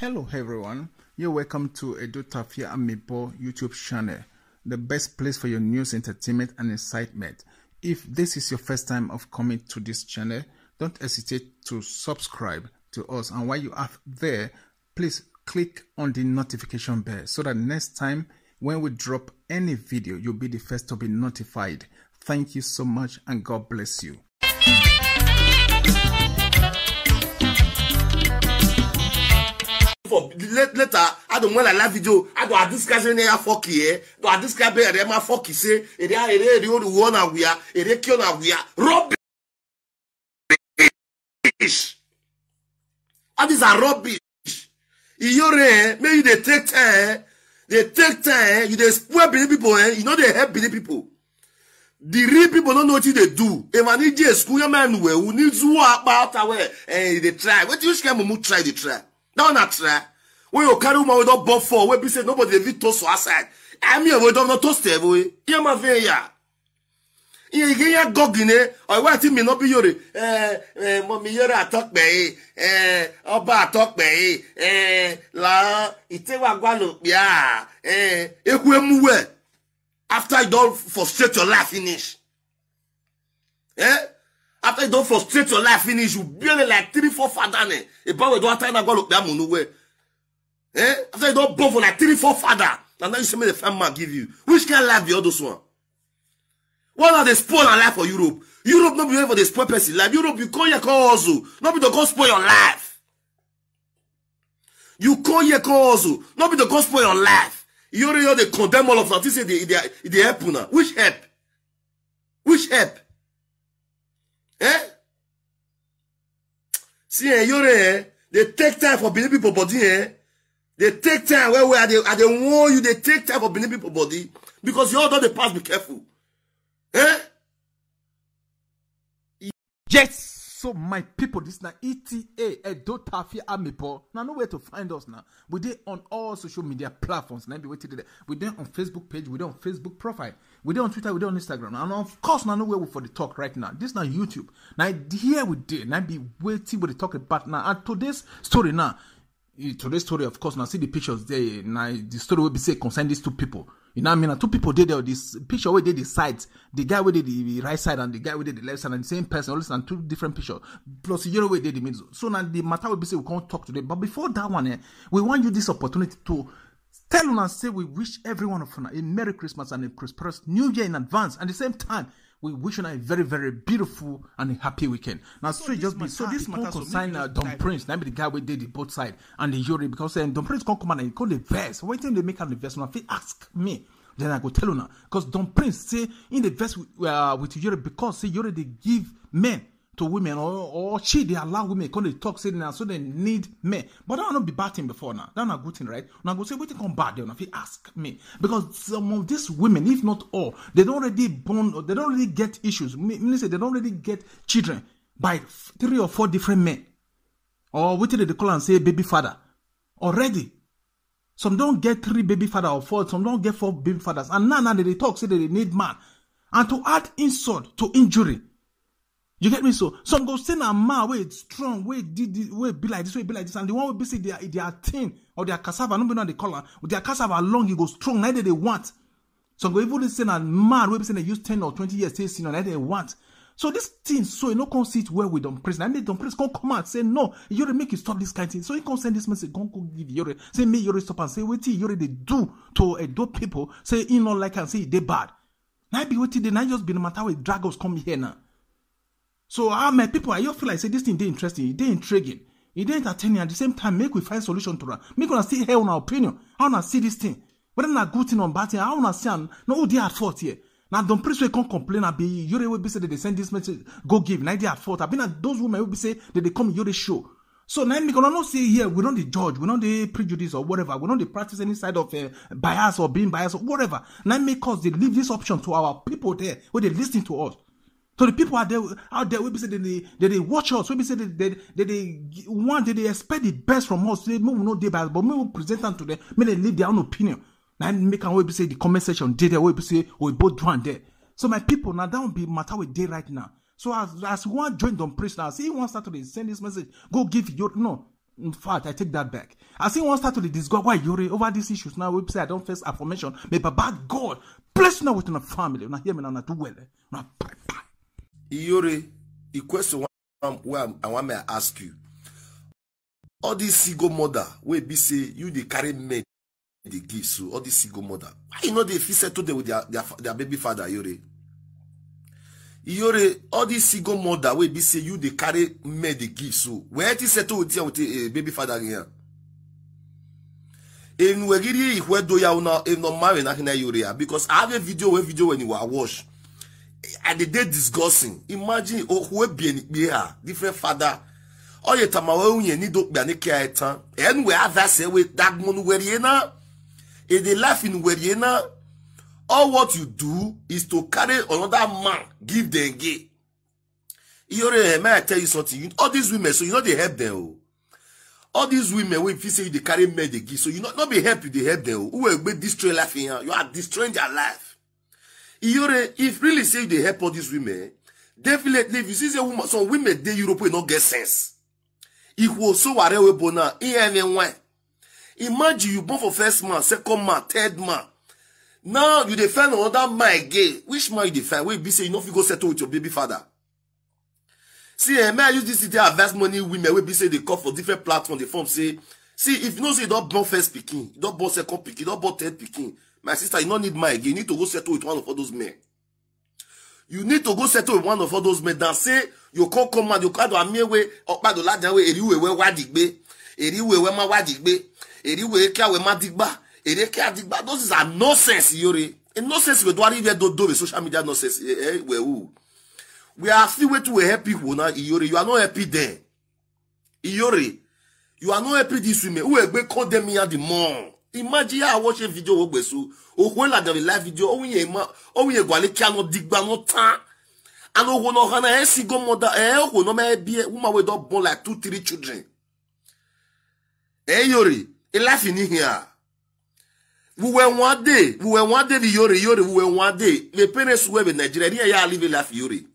Hello everyone, you're welcome to Edu Tafia Amipo YouTube channel, the best place for your news, entertainment and excitement. If this is your first time of coming to this channel, don't hesitate to subscribe to us and while you are there, please click on the notification bell so that next time when we drop any video, you'll be the first to be notified. Thank you so much and God bless you. for later ado mọ lala video ado adisikasi ne ya fọki yẹ do adisikasi ere ma fọki se ere ere ere oruwo na wia ere kio na wia rubbish all these are rubbish iyore eh make you dey take time dey take time you dey spoil believe people eh you no dey help believe people the real people no know wetin dey do evanije school young men well we need zuwa akpa outer well eh dey try wetin you shike mumu try dey try na try wey you carry woman wey don born for wey be say nobody dey fit toast for outside ẹmí ẹ̀wọ̀ ìdánwò toast ẹ̀wọ̀ yẹn máa fi yà iye igi yẹn gọ́gì ni ọ̀wẹ́ àti mi náà bí yòrè mọ̀mí yẹ́rẹ́ àtọ́pẹ́ yìí ọba àtọ́pẹ́ yìí làwọn ìtẹ́wàgbọ́nù pìá ekú emuwẹ̀ after you don frustrate your life finish. Eh? after you don't frustrate your life finish you build it like three four father I eba wey don ata na look, lokpe amunu well eh after you don't born for like three four father And now you say me the family man give you which kind of life be all one What are the spoil na life for europe europe not be only for the spoil person life europe you call your come hustle no be the come spoil your life you call your come hustle no be the come spoil your life you already dey condemn all of una think say e dey help now. which help which help Eh? See, eh, you're eh, they take time for believe people body, eh? They take time where where they and they warn you, they take time for believe people body because you all know the past, be careful. Eh? Yes. So, my people, this now ETA Edo Tafi Amipo. Now, nowhere to find us now. We did on all social media platforms. Now, be waiting there. we did on Facebook page, we did on Facebook profile, we did on Twitter, we did on Instagram, and of course, now nowhere for the talk right now. This now YouTube. Now here we did. Now be waiting for the talk about now. And today's story now, eh, today's story, of course, now see the pictures there. Now the story will be say concern these two people. You know what I mean? And two people did there, this picture where they did the sides, the guy where did the right side and the guy where did the left side, and the same person, all this and two different pictures. Plus, you know where they did the middle. So now the matter will be said we can't talk today. But before that one, eh, we want you this opportunity to tell and say we wish everyone of you a Merry Christmas and a prosperous New Year in advance. At the same time, we wish you a very, very beautiful and happy weekend. Now, so straight just be so this matter so sign uh, Don Prince. Now be the guy we did the both side and the jury because um, Don Prince come come and he call the verse. When time they make an the verse. Now, ask me. Then I go tell you now because Don Prince say in the verse uh, with jury because say jury they give men to women or or she they allow women come they talk say now so they need men. But I will not be batting before now. That's not good thing, right? Now go say waiting come bad, they'll not ask me. Because some of these women, if not all, they don't already born or they don't really get issues. Meaning say they don't really get children by three or four different men. Or till they call and say baby father. Already. Some don't get three baby father or four, some don't get four baby fathers. And now now they talk, say they need man. And to add insult to injury. You get me? So some go say na man wey strong, wey did wey be like this, way be like this, and the one will be say their their thin or their cassava, no be know the color, their cassava long, he go strong, neither they want. Some go even say na man wey be say they use 10 or 20 years stay see, neither they want. So this thing, so you no come where we don't Prince. And they Don Prince come come out say no, Yore make you stop this kind of thing. So you come send this message, say go give Yore. Say me you stop and say what you already do to a dope people. Say you know, like and say they bad. Now be waiting, they now just be no matter with dragons come here now. So ah, my people, I just feel like say this thing they interesting, they intriguing, it they entertaining. At the same time, make we find solution to that. Make we see here on our opinion. I wanna see this thing. Whether not good thing or bad thing, I wanna see. No, who they are fault here. Now don't please we can't complain. I be you will be say that they send this message go give. Now they at fault. I been those women will be say that they come you show. So now we cannot say here we don't the judge, we don't the prejudice or whatever, we don't the practice any side of uh, bias or being biased or whatever. Now make us they leave this option to our people there where they listening to us. So the people out there, out there, we be say they, they, they, watch us. We be say they, they, they, they want, they, they expect the best from us. They move no debate, but may we present them to them. May they leave their own opinion. Now make our be say the comment section did there. We be say we both join and there. So my people, now that will be matter with day right now. So as as one joined on priest now, see one to send this message. Go give your no. In fact, I take that back. I see one start to the discuss why you're over these issues now. We say I don't face affirmation. May by God bless now with my family. Now hear me now. Do well. Eh? Now bye bye. Iyore, the question where I want me to ask you. All this single mother wey be say you dey carry men dey give so all this single mother why you no dey fit settle them with their, their, their baby father Iyore? Iyore, all this single mother wey be say you dey carry men dey give so where to settle with your with a eh, baby father here? enu egiri ihwedo ya una eno mari na hina Iyore ya ah, because I have a video wey video when you were watch at the day discussing imagine ohun ebie ni kpe ha different father oye oh, tamawa unye ni do kpe ni kia etan en we have that say we that mon werie na e dey laugh in werie na all what you do is to carry another man give them gay iyore eh, may i tell you something all these women so you no dey help them o oh. all these women wey fit say you dey carry men dey give so you no no be help you dey help them o oh. who wey gbe destroy life in hand you are destroying their life Iyore, if really say they help all these women, definitely if you see woman, some women they Europe will not get sense. If we so are we bona, Imagine you born for first man, second man, third man. Now you defend another man gay. Which man you defend? Wait, be say you know if go settle with your baby father. See, eh, may I use this to advance money women will be say they call for different platform. They form say, see if you know say you don't born first picking, you don't born second picking, you don't born third picking. My sister, you no need mine. You need to go settle with one of all those men. You need to go settle with one of all those men that say, you call command, you call to Amewe, Okpado Lajanwe, Eriwe, where Wadigbe, Eriwe, where my Wadigbe, Eriwe, Ekia, where my Digba, Erekia, Digba. Those are nonsense, Yori. And nonsense, we don't even do the social media nonsense. Eh, eh we, who? We are still waiting to help people now, Iyori. You are not happy there. Iyori, you are not happy this women. Who will condemn me at the more? imagine how watching video wo gbesu ohun la the live video ohun ye ma ohun ye gwale kia no digba no tan and ohun no hana e si go mother e eh, ohun no me be woman we do born like two three children Eh, yori e life ni here we were one day we were one day the yori yori we were one day the parents were in Nigeria here ya live life yori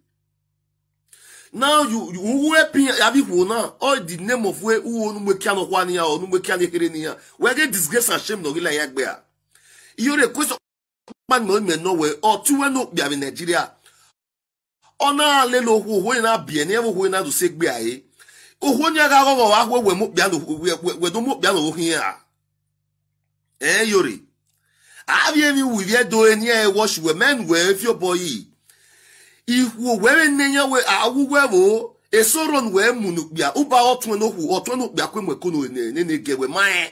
now you you weapon yabi wo now all oh, the name of where who onu mwekia no kwani ya onu mwekia ni here ni ya we get disgrace and shame no like yagbe ya iyo re question man no me no we or two we no be in Nigeria ona le lo who ho na bie ne ho na do be aye oho nya ga go wa ho we mo bia no we do mo bia no ho hia eh yori abi emi we do any eh, wash we men we if your boy ikwu were nne ya we awụwe bụ esoron wee munukpia ụba ọtụnokwu ọtụnokpia kwemekonnenege e maya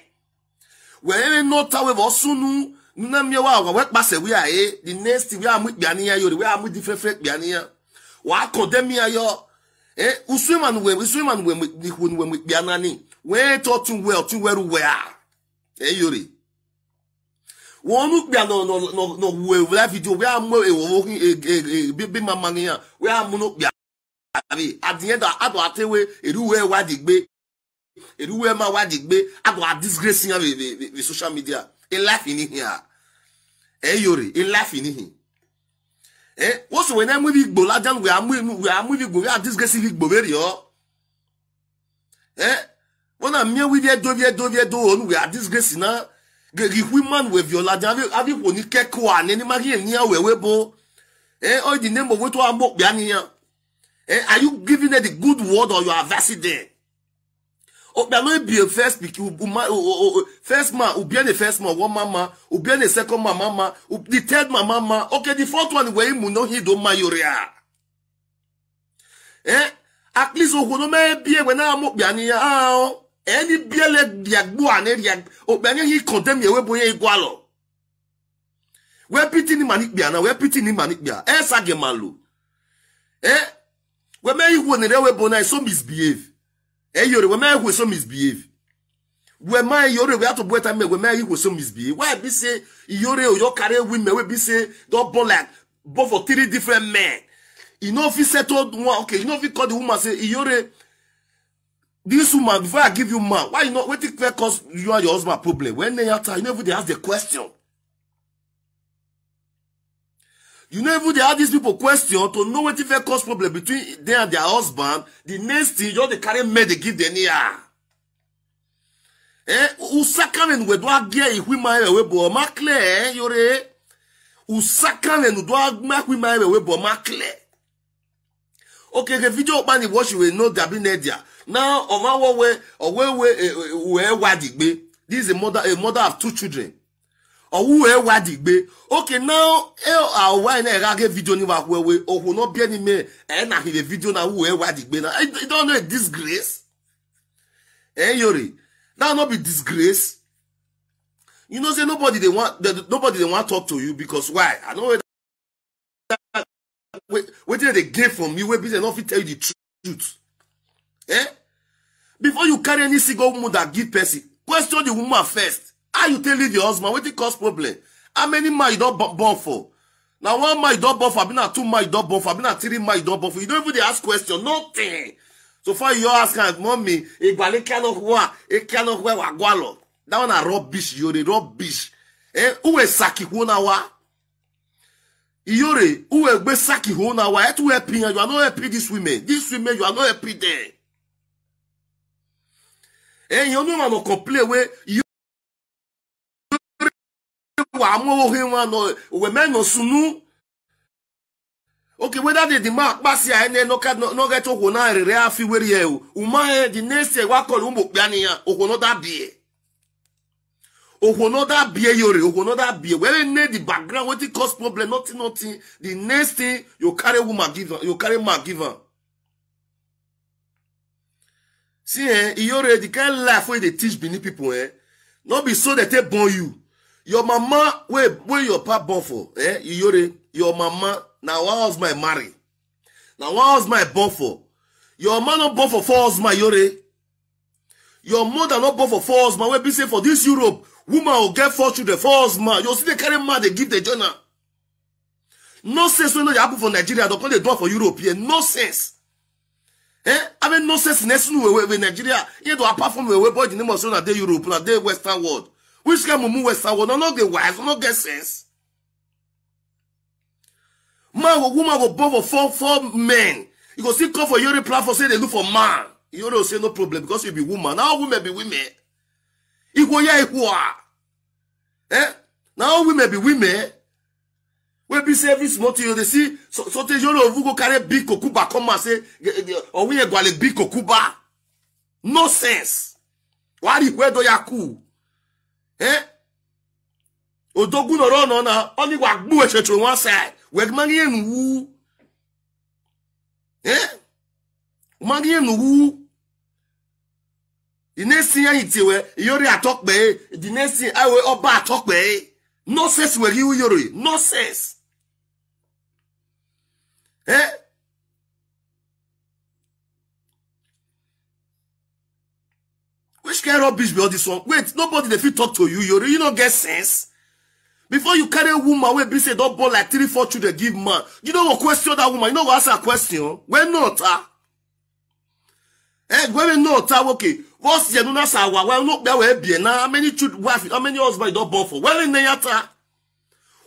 were nọta we ọsụnụ nna agwa wee kpasa we aye e. the next we amụ kpia ya yori we amụ dị fefe kpia ya wa kodem ya yo e, usuman we ikwu nani wee ọtụ were uwe a eyori wọn nu kpia nɔ nɔ nɔ nɔ wu ewu la fi di o wia mu ewu wo e bi bi ma ma ni wia mu nu kpia abi adiɛ dɔ adɔ atewe eruwe wa di gbe eruwe ma wa di gbe adɔ a disgrace yan bi bi bi social media e la fi ni hin a e yori e la fi Eh? hin ɛ wosu wɛ n'amu ibi gbo la janu wia mu wia mu ibi gbo wia disgrace ibi gbo bɛ ri yɔ ɛ wọn na miɛ wi bi ɛdo bi ɛdo bi ɛdo onu wia disgrace na women were violated abi abi wo ni keko ane ni magi ni awewe bo eh all oh, the name of wetu ambo bia ni yan eh are you giving her the good word or your are versing there obia oh, no be first pick oh, first man obia the first man one mama obia the second man mama the third man mama okay the fourth one where him no he don't mayoria eh at least ohono me bia when ambo bia ni yan ah any biele diagbo ane diag obenye hi condemn ye weboye igwalo we piti ni manikbia na we piti ni manikbia e sage malu e we me ihu ni re webo na so misbehave e eh, yore we me ihu so misbehave we ma yore we ato boy time we me ihu so misbehave why be say yore o yo carry women we be say don born like born for three different men you know if you settle one okay you know if call the woman say yore This woman before i give you man why you not wetin clear cause you and your husband problem when they enter you no even dey ask the question you no even dey ask these people question to know wetin fit cause problem between them and their husband the next thing you just dey carry men dey give them ear eh usakane nwe do agie ihu ma ewe bo ma clear Eh? yore usakane nwe do agbe ma ewe bo ma clear okay the video man watch you will know that be there Now, Omawawe, Owewe, Wadigbe, this is a mother, a mother of two children. Owewe Wadigbe. Okay, now, Owa in a rage video ni wakwewe, Oho no be any me, and I hear video na Owewe Wadigbe. Now, I don't know disgrace. Eh, that not be disgrace. You know, say nobody they want, nobody they want talk to you because why? I know waiting they get from you, where people not tell you the truth. Eh? Before you carry any single woman that give person, question the woman first. How you tell leave your husband? Wetin cause problem? How many man you don born for? Na one man you don born for, abi na two man you don born for, abi na three man you don born for. You don't even dey ask question, nothing. So far you ask am, ah, mommy, ìgbàlẹ̀ kí a lọ wá, kí a That one na rubbish, you dey rubbish. Eh, uwe saki ho na wa. Iyore, uwe gbe saki ho na wa. Etu help you, you are not helping these women. These women, you are not helping them. èèyàn onye wọn nọ òwe mẹ́nà sunú okay whether they demand akpasi a ẹni nọgẹtọ òkò náà rere afi wẹrẹ ya o ùmọ ẹ eh, di nẹẹsì ẹ wá kọlu ń bò pé àníyàn òkò náà were òkò the background wetin cause problem nothing nothing the next thing you carry woman give am you carry see eh iyore the kind life wey dey teach benin people eh no be so dem take born you your mama wey wey your papa born for eh iyore your mama na one husband marry na one husband born for your mama no born for four husband iyore your mother no born for four husband wey be say for this europe woman go get four children four husband you go still dey carry man dey give the journal nonsense wey no dey happen for nigeria don come dey do am for europe here sense eh abe nonsense nesinu wewe we nigeria ihe do apart from wewe boy the name of so na dey europe na dey western world which kind mumu western world no no dey wise no get sense man go woman go born for four four men you go still call for yori platform say dey look for man yori go say no problem because you be woman Now women be women igwo ya ikwu ah eh Now women be women wey be say every small thing you dey see sotey yoruba go carry big kokuba come out say owinye gwale big kokuba no sense wari wedo ya ku eh odogun ọ̀rọ̀ ọ̀nà ọ̀nà ọ̀nìwà gbú ẹ̀ṣẹ̀ṣẹ̀ wọn ṣe wẹ̀gbẹ́rin wú ẹ́ wọ́n wú ìnẹ́sìn ẹ̀yìn tiwẹ̀ ìyórí àtọ́pẹ́ ìdínẹ́sìn ẹ̀wẹ̀ ọba àtọ́pẹ́ nọ́sẹ̀sì wẹ̀rí No sense. Eh? Which kind of rubbish be all this one? Wait, nobody dey fit talk to you. You really don't get sense. Before you carry a woman wey be say don't born like three, four children give man, you know go question that woman. You know go ask her question. When not her? Eh, when not her? Okay. What's the nuna sawa? Well, look, there will be now. How many children, wife, how many husbands you don born for? When in the yata?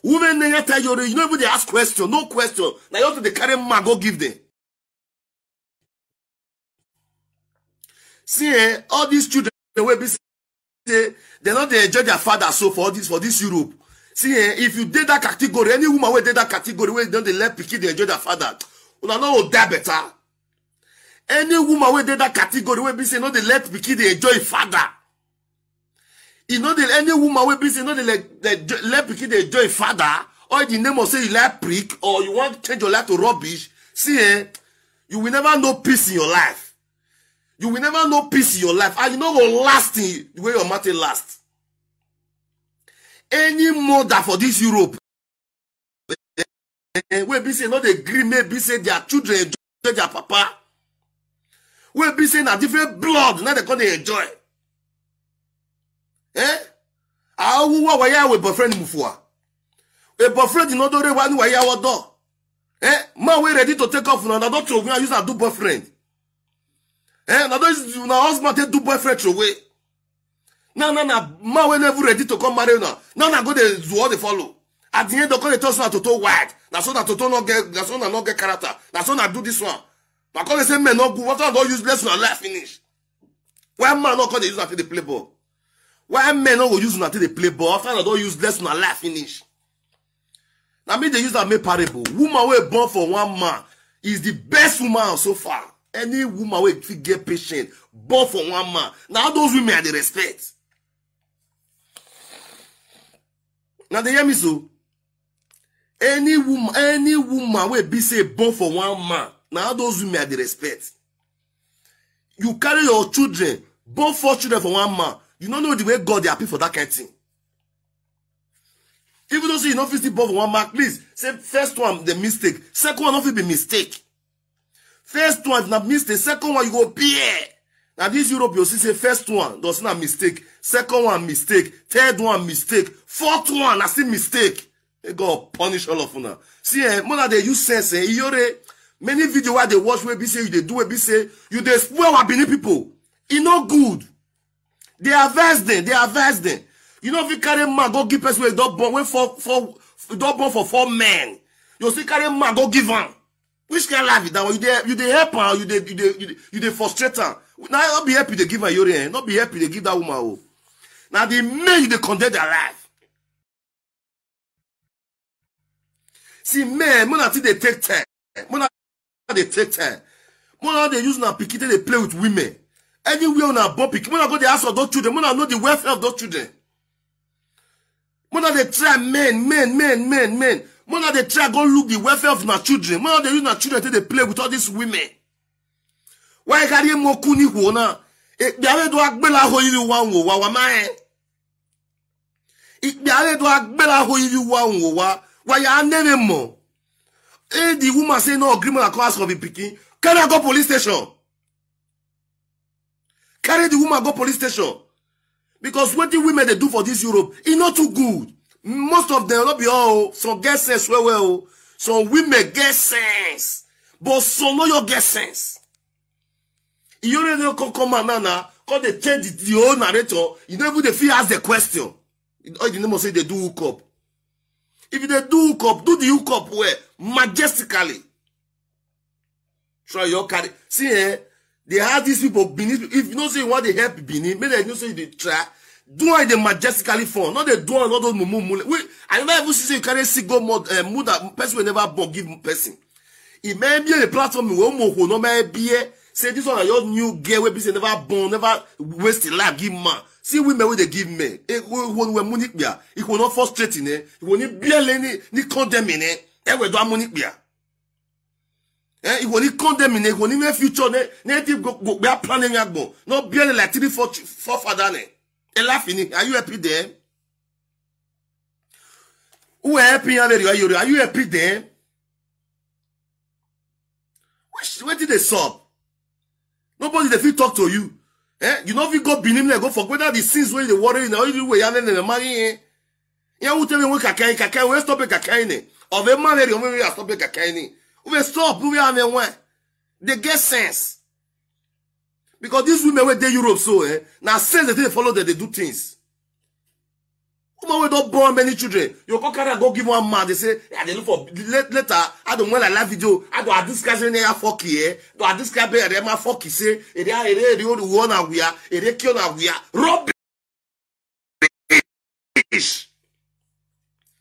women na yata your, you no even dey ask question no question na you to dey carry man go give them see eh all these children wey be say dem no dey enjoy their father so for this for this europe see eh if you dey that category any woman wey dey that category wey don dey let pikin dey enjoy their father una no go die better any woman wey dey that category wey be say no dey let pikin dey enjoy father e no the any woman wey be say no the let pikin dey enjoy father or the name of say you like prick or you wan change your life to rubbish see eh you will never know peace in your life you will never know peace in your life and you no go last in the way your matter last any mother for this europe eh, eh, wey be say no dey gree make be say their children enjoy their papa wey be say na different blood na dem come dey enjoy wa waya we boyfriend mufua a boyfriend no dore wani waya wodo eh man we ready to take off na don throw we use do boyfriend eh na don na husband take do boyfriend throw we na na na man we never ready to come marry na na na go dey do all the follow at the end of the talk so na toto wide na so na toto no get na so na no get character na so na do this one na come say men no good what don use lesson na life finish when man no come dey use am take dey play ball why men no go use una take dey play ball after una don use less una life finish na me dey use am make parable woman wey born for one man is the best woman so far any woman wey fit get patient born for one man na all those women i dey respect na dey hear me so any woman any woman wey be say born for one man na all those women i dey respect you carry your children born four children for one man you no know the way god dey happy for that kind of thing even though say you no fit still ball one mark please say first one the mistake second one no fit be mistake first one na mistake second one you go pay na this europe you see say first one don see na mistake second one mistake third one mistake fourth one na still mistake may god punish all of una see eh, mona dey use sense eh iyore many video wey i dey watch wey be say you dey do wey be say you dey spoil our benin people e no good they are harvest dem they are harvest dem you no fit carry man go give person wey don born wey for for don born for four men you still carry man go give am which kind life be that one you dey help am you dey you dey frustrate am na no be help you dey give her yori eh no be help you dey give that woman o oh. na the men you dey condemn their life see men mo na still dey take time mo na dey take time mo na dey use na pikin take dey play with women anywhere on our bump pikin mona go the ask for those children mona know the welfare of those children mona dey try men men men men men mona dey try go look the welfare of na children mona dey use na children take dey play with all these women wáyé kárí mokú ní ìhò náà ìpè àrédò agbéláho yìí wà ń wò wá wà máa ẹ ìpè àrédò agbéláho yìí wà ń wò wá wáyé anẹ́rẹ̀ mọ̀ éèdì wúmà sẹ́yìn náà agreement akọ́ àsọ̀bì pikin carry am go police station carry the woman go police station because wetin women dey do for this europe e no too good most of them no be all some get sense well well oh. some women get sense but some no your get sense iyore no come come out now na come dey change the, the whole narrator you no even dey fit ask the question all the name of say dey do hook up. if you dey do up, do the hook up well majestically try your carry see eh they have these people benin if you know say you wan dey help benin make dem know say you dey try do one dey majestically fun no dey do one all those mumu mule wey i never even see say you carry sick go mud uh, eh, muda person wey never born give person e may be a platform wey omo ho no may be say this one na your new girl wey be say never born never waste im life give man see women wey dey give men eh, ihò eh. ni wẹ̀ mú nípìà ihò no frustrating ẹ̀ ihò ni bí ẹ̀ lé ní condemning ẹ̀ ẹ̀ wẹ̀ dọ́ amú nípìà eh ìwọ ní condemn ne ìwọ ní me future ne ne ti planning go be plan ni no be like three four four father ne e are you happy there who happy yan very are you happy there Which where did they solve nobody dey fit talk to you eh you no fit go benin like go for whether the sins wey dey worry na only way yan na ma yin yan wo tell me we kakai? Kakai, kaka we stop kakai? yin of a man here we stop kaka yin We stop women have a one they get sense because these women wey dey europe so eh na sense dey follow dem dey do things woman wey don born many children you go carry am go give one man dey say yeah. dey look for later i don well i like video i don adi sky say neya fọki ẹ don adi sky bẹ ẹrẹ ma fọki ṣe èrè èrè èrè olùwọ́ na wíya èrè kí ọ na wíya rubbish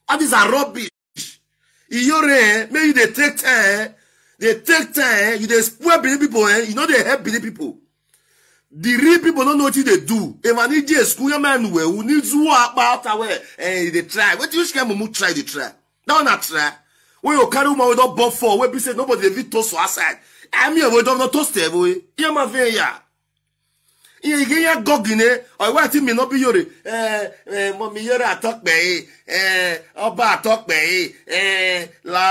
all these are rubbish iyore eh make you dey take time eh dey take time you dey spoil benin pipo eh you no dey help benin pipo the real people no know wetin dey do school evanije skunyemen we who need zuwa akpa after well and e dey try wetin which kind mumu try dey try that one na try wey you carry woman wey don born for wey be say nobody dey fit toast for outside i mean wey don toast her wey ear ma igi ya gọgine ọwa ti mi n'obi yore mo mi yore atọkpe ọba atọkpe la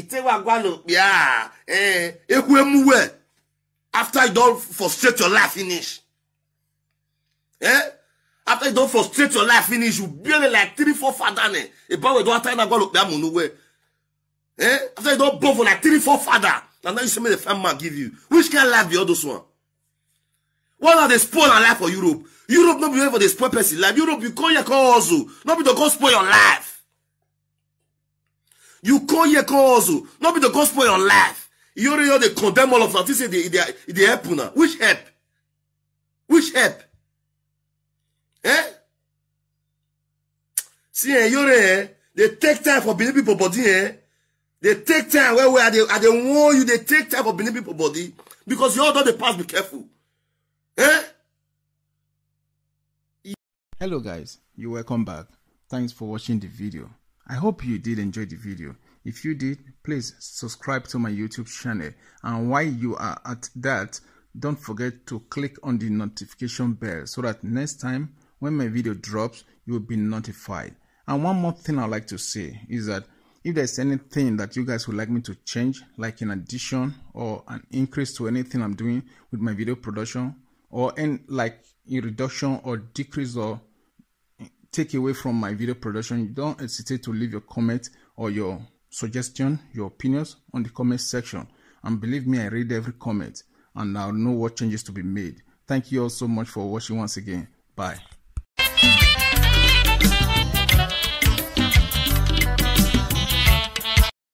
itewagwalopia ekwe emuwe after you don frustrate your life finish eh? after you don frustrate your life finish you bury like three four father ebe we don ata inagwalopia mu n'uwe eh? after you don born like three four father na now you say make the farm man give you which kind life be all those one one na dey spoil our life for europe europe no be where for dey spoil person life europe you come here come hustle no be to come spoil your life you come here come hustle no be to come spoil your life you already dey condemn all of una think say e dey dey help una which help which help eh see eh yore eh dey take time for benin people body eh dey take time well well i dey i dey warn you dey take time for benin people body because you all don dey pass be careful Eh? Hello guys, you welcome back. Thanks for watching the video. I hope you did enjoy the video. If you did, please subscribe to my YouTube channel and while you are at that, don't forget to click on the notification bell so that next time when my video drops, you will be notified. And one more thing I'd like to say is that if there's anything that you guys would like me to change, like an addition or an increase to anything I'm doing with my video production, or any like a reduction or decrease or take away from my video production, don't hesitate to leave your comment or your suggestion, your opinions on the comment section. And believe me, I read every comment and I'll know what changes to be made. Thank you all so much for watching once again. Bye.